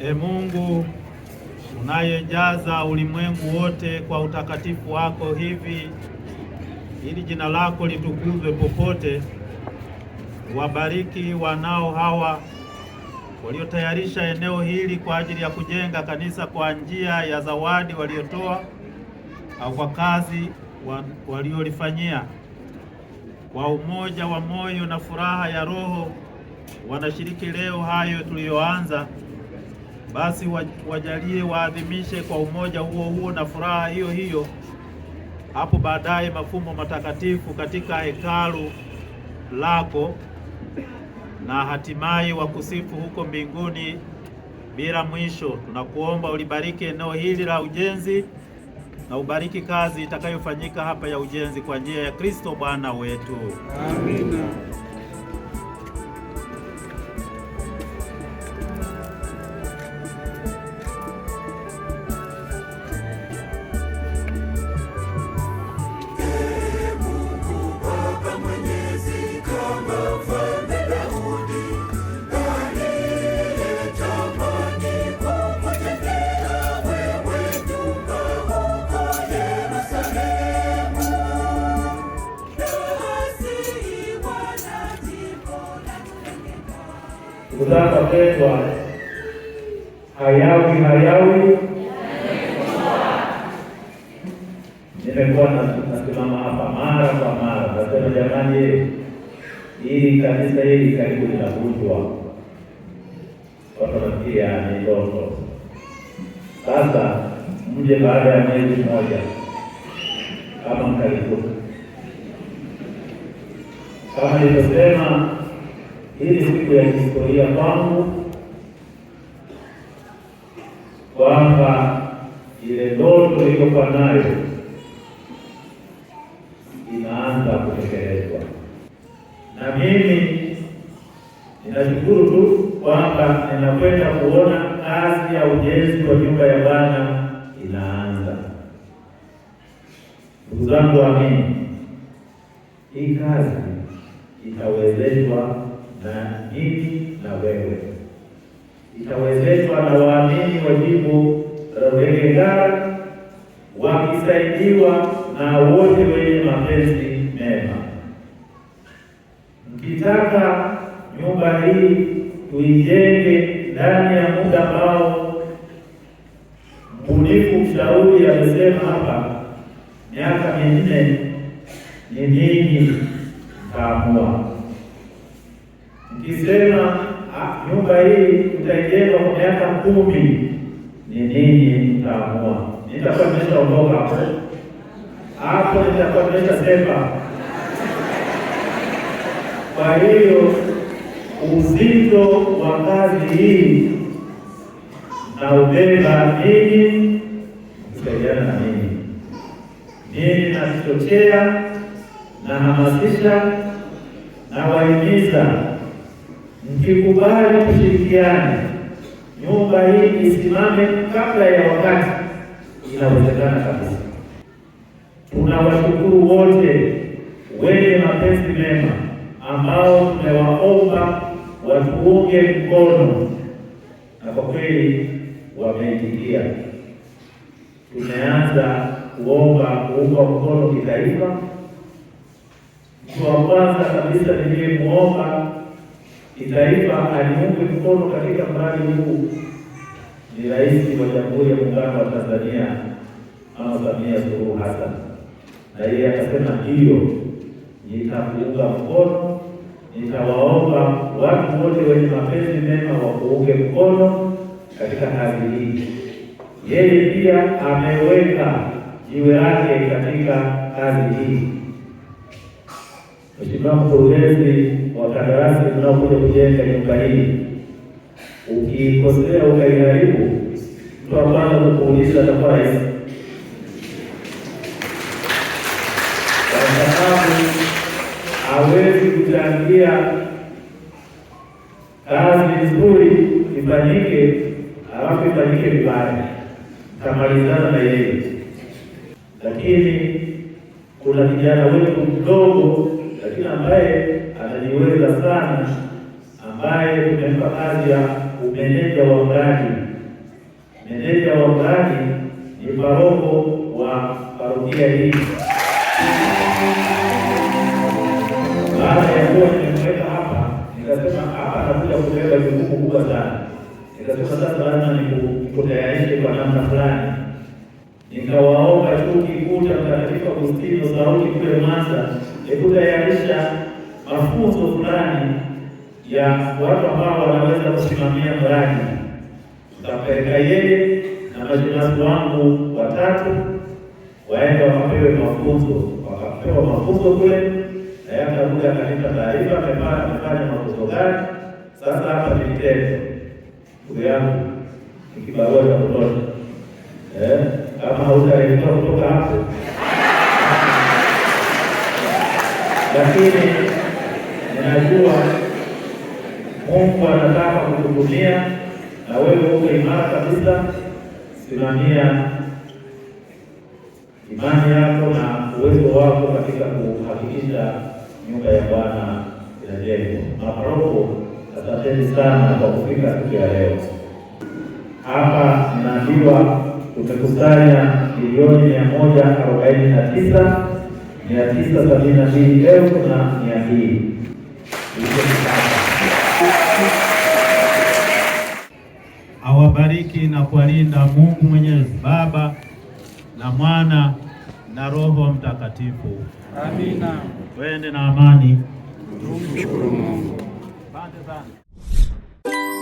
E Mungu unayejaza ulimwengu wote kwa utakatifu wako, hivi ili jina lako litukuzwe popote, wabariki wanao hawa waliotayarisha eneo hili kwa ajili ya kujenga kanisa kwa njia ya zawadi waliotoa au kwa kazi waliolifanyia. Kwa umoja wa moyo na furaha ya roho wanashiriki leo hayo tuliyoanza basi wajalie waadhimishe kwa umoja huo huo na furaha hiyo hiyo hapo baadaye mafumbo matakatifu katika hekalu lako na hatimaye wakusifu huko mbinguni bila mwisho. Tunakuomba ulibariki eneo hili la ujenzi na ubariki kazi itakayofanyika hapa ya ujenzi kwa njia ya Kristo Bwana wetu. Amina. wapendwa, hayawi hayawi. Nimekuwa nasimama hapa mara kwa mara, nasema jamani, hili kanisa hili karibu linavunjwa, watu ni ndoto. Sasa mje baada ya mwezi mmoja, kama mkalivuka kama nilivyosema hii ni siku ya historia kwangu kwamba ile ndoto iliyokuwa nayo inaanza kutekelezwa, na mimi ninashukuru tu kwamba ninakwenda kuona kazi ya ujenzi wa nyumba ya Bwana inaanza. Ndugu zangu, amini, hii kazi itawezeshwa na mimi na wewe. Itawezeshwa na waamini wa jimbo la wakisaidiwa na wote wenye mapenzi mema. Mkitaka nyumba hii tuijenge ndani ya muda ambao mbunifu mshauri amesema hapa, miaka minne, ni nini mtaamua mkisema nyumba hii utaijenga kwa miaka kumi, ni nini mtaamua? Nitakuwa nimeshaondoka hapo hapo, nitakuwa nimeshasema. Kwa hiyo uzito wa kazi hii na ubeba nini, kusaidiana na nini nini, nasichochea na hamasisha na mkikubali kushirikiana, nyumba hii isimame kabla ya wakati. Inawezekana kabisa. Tunawashukuru wote wenye mapenzi mema ambao tumewaomba watuunge mkono, na kwa kweli wameitikia. Tumeanza kuomba kuunga mkono kitaifa. Mtu wa kwanza kabisa niliyemwomba kitaifa aliunge mkono katika mradi huu ni Rais wa Jamhuri ya Muungano wa Tanzania Mama Samia Suluhu Hassan, na yeye akasema hiyo, nitakuunga mkono, nitawaomba watu wote wenye mapenzi mema wakuunge mkono katika kazi hii. Yeye pia ameweka jiwe lake katika kazi hii. Mheshimiwa mkurugenzi wa kandarasi kuja kujenga nyumba hii, ukikosea ukaiharibu, mtu wa kwanza kukuuliza atakuwa rais, kwa sababu hawezi kuchangia kazi nzuri ifanyike halafu ifanyike vibaya, kamalizana na yeye. Lakini kuna kijana wetu mdogo lakini ambaye amejiweza sana, ambaye tumempa kazi ya umeneja wa mradi. Meneja wa mradi ni paroko wa parokia hii. Baada ya kuwa nimekuweka hapa, nikasema hapa nakuja kubeba jukumu kubwa sana. Nikasema sasa lazima nikutayarishe kwa namna fulani nikawaomba chuo kikuu cha Mtakatifu Agustino Sauti kule Mwanza ya mafunzo fulani ya watu ambao wanaweza kusimamia mradi. Tutampeleka yeye na majirani wangu watatu, waende wakapewe mafunzo. Wakapewa mafunzo kule, naye atakuja akanipa taarifa amefanya mafunzo gani. Sasa hapa ni vitendo, ndugu yangu, ni kibarua cha kutosha. Eh, kama hautaelekea kutoka hapo lakini najua Mungu anataka kukutumia na wewe uko imara kabisa. Simamia imani yako na uwezo wako katika kuhakikisha nyumba ya Bwana inajengwa. Maparoko, asanteni sana kwa kufika siku ya leo hapa. Ninaambiwa tumekusanya milioni mia moja arobaini na tisa mia tisa sabini na mbili elfu na mia mbili awabariki na kuwalinda Mungu Mwenyezi Baba na Mwana na Roho Mtakatifu. Amina. Twende na amani. Tumshukuru Mungu. Asante sana.